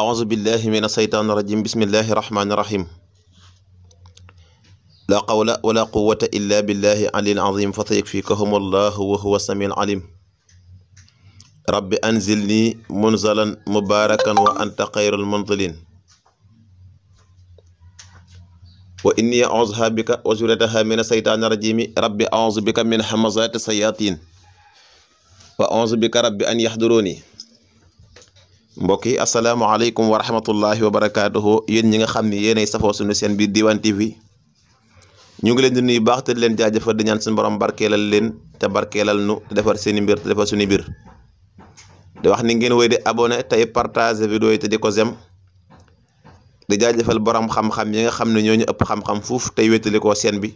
auzu billahi min asaytaani rajim bismillahi rahmaani rahim laa qawla wala quwata illa billahi alil azim fa sayakfikahum allahu wa huwa samiul alim rabbi anzilni munzalan mubarakan wa anta xayrul munzilin wa inni auzuha bika wa zurriyataha min asaytaani rajimi rabbi auzu bika min hamazati sayatin wa auzu bika rabbi an yahduruni mbokk yi asalaamaaleykum wa rahmatullahi wa barakaatuhu yéen ñi nga xam ni yéenay safoo suñu seen bi Diwane TV ñu ngi leen di nuyu baax te leen jaajëfal de ñaan suñu borom barkeelal leen te barkeelal nu te defar seen i mbir te suñu mbir di ni ngeen wéy di abonné tey partager vidéo yi te di ko zem di jaajëfal borom xam-xam yi nga xam ne ñoo ñu ëpp xam-xam fuuf tey wétali ko seen bi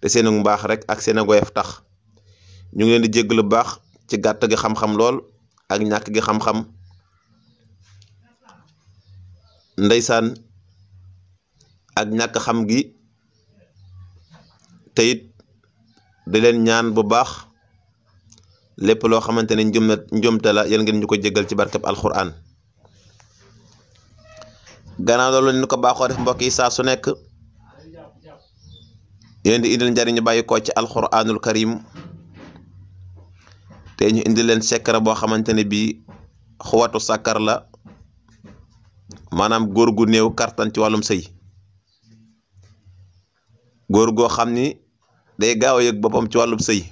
te seen baax rek ak seen goyef tax ñu ngi leen di jégg baax ci gàtt gi xam-xam lool ak ñàkk gi xam ndeysaan ak ñàkk xam gi te it di leen ñaan bu baax lépp loo xamante ne njum njumte la yal ngeen ñu ko jégal ci barkab alxuraan gannaaw loolu ñu ko baaxoo def mbokk yi saa su nekk yéen indil njariñu bàyyi ko ci alxuraanul karim te ñu indi leen sekkara boo xamante ne bii xuwatu sàkkar maanaam góor gu néew kartan ci wàllum sëy góor goo xam ni day gaaw a yëg boppam ci wàllum sëy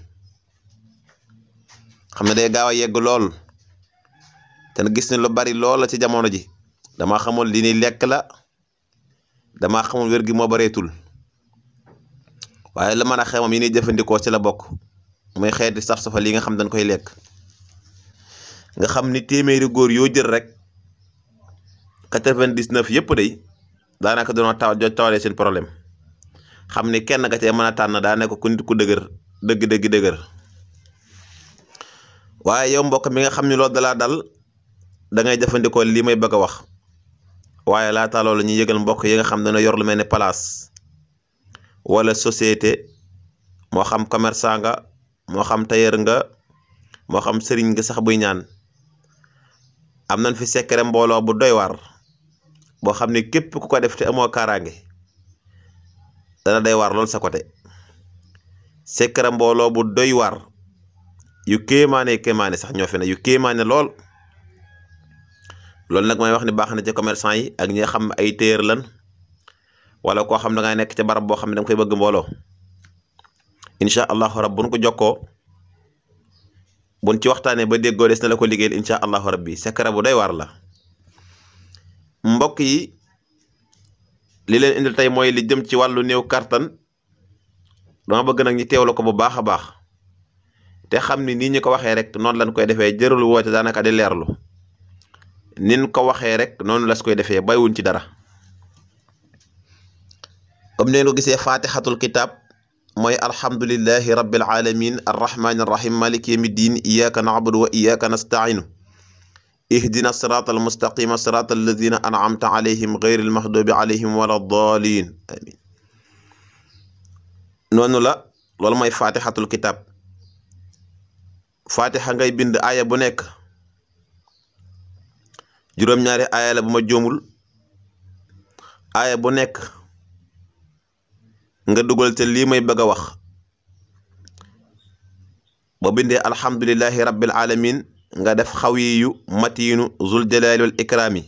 xam ne day gaaw a yegg lool te gis ne lu bari lool ci jamono ji dama xamul li ni lekk la dama xamul wér gi moo bareetul waaye la mën a xew moom yi ni jëfandikoo ci la bokk muy xeeti saf safa li nga xam dañ koy lekk nga xam ni téeméeri góor yoo jël rek 99 yëpp day daanaka doonoo taw tawalee seen problème xam ni kenn nga cee mën a tànn daa nekk ku nit ku dëgër dëgg dëgg dëgër waaye yow mbokk mi nga xam ni loolu dalaa dal da ngay jëfandikoo lii may bëgg a wax waaye laata loolu ñuy yëgal mbokk yi nga xam ne yor lu mel ni place wala société moo xam commerçant nga moo xam tailleur nga moo xam sëriñ nga sax buy ñaan am nañ fi secret mbooloo bu doy waar boo xam ne képp ku ko def te amoo kaaraange dana day waar lool sa côté sekkara mbooloo bu doy waar yu kéemaane kéemaane sax ñoo fi ne yu kéemaane lool loolu nag may wax ni baax na ci commerçant yi ak ñi xam ay téer lan wala koo xam da ngaa nekk ci barab boo xam ne danga koy bëgg mbooloo incha allahu rab buñ ko jokkoo buñ ci waxtaanee ba déggoo des na la ko liggéeyal incha allahu rabbi sekkara bu doy waar la mbokk yi li leen indil tey mooy li jëm ci wàllu néew kartan dama bëgg nag ñu teewlu ko bu baax a baax te xam ni nii ñu ko waxee rek noonu lañ koy defee jërul woote daanaka di leerlu nin ko waxee rek noonu las koy defee bàyyiwuñ ci dara comme neen ko gisee faatixatul kitaab mooy alhamdulillahi rabbil alamin arrahmani arrahim maliki yawmi ddin iyyaka na'budu wa iyyaka nasta'inu ihdina siraatal mustaqima siraatal lazina an'amta alayhim ghayril wala daalin amin noonu la loolu may faatixatul kitaab faatixa ngay bind aaya bu nekk juróom-ñaari aaya la bu ma jomul aaya bu nekk nga dugal te lii may bëgg a wax ba binde alhamdulillahi rabbil alamin nga def xawiyu matiinu zul jalaali wal ikraami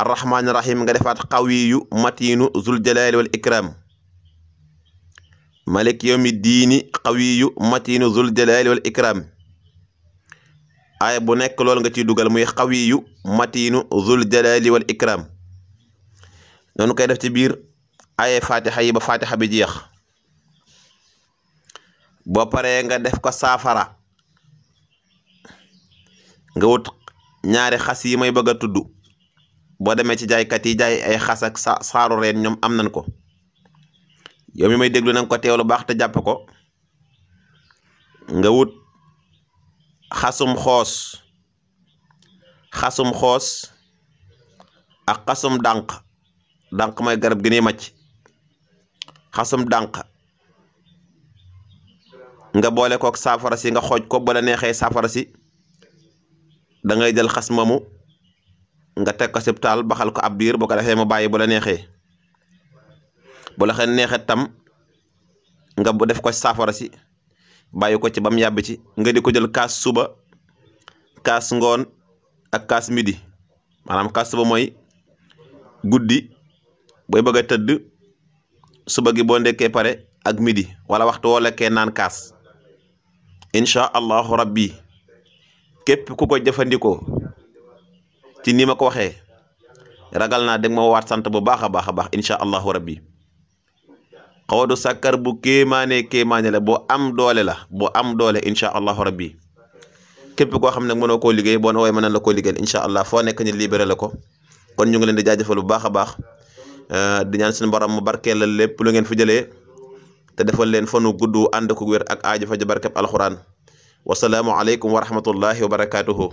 arrahmaani nga defaat xawiyu matiinu zul jalaali wal ikraam malik yawmi diini xawiyu matiinu zul jalaali wal ikraam aaya bu nekk loolu nga ciy dugal muy xawiyu matiinu zul jalaali wal ikraam noonu koy def ci biir aaya fatiha yi fatiha bi jeex boo paree nga def ko saafara nga wut ñaari xas yi may bëgg a tudd boo demee ci jaaykat yi jaay ay xas ak sa ñoom am nañ ko yow mi may déglu na nga ko teewlu baax te jàpp ko nga wut xasum xoos xasum xoos ak xasum dànq dànq mooy garab gi macc màcc xasum dànq nga boole kook saafara si nga xooj ko ba la neexee saafara si da jël xas moomu nga teg ko sib baxal ko ab diir boo ko defee mu bàyyi bu la neexee bu la xeen neexee tam nga def ko saafara si bàyyi ko ci ba mu yàbbi ci nga di ko jël kaas suba kaas ngoon ak kaas midi maanaam kaas suba mooy guddi booy bëgg a tëdd suba gi boo ndekkee pare ak midi wala waxtu woo lekkee naan kaas incha allahu rabbi képp ku ko jëfandikoo ci ni ma ko waxee ragal naa dégg ma waat sant bu baax a baax a baax incha allahu rabbi xawadu sàkkar bu kéemaane kéemaane la bu am doole la bu am doolee incha allahu rabbi képp koo xam ne mënoo koo liggéey boo na wooye mën na la ko liggéeyal incha allah fo nekk ñu libéré la ko kon ñu ngi leen di jaajëfal bu baax a baax di ñaan suñu borom mu barkeelal lépp lu ngeen fi jëlee te defal leen fanu gudd ànd ko wér ak aajo fa ja barkeb alxuraan wasalaamu aleykum wa rahmatullahi wa barakaatuhu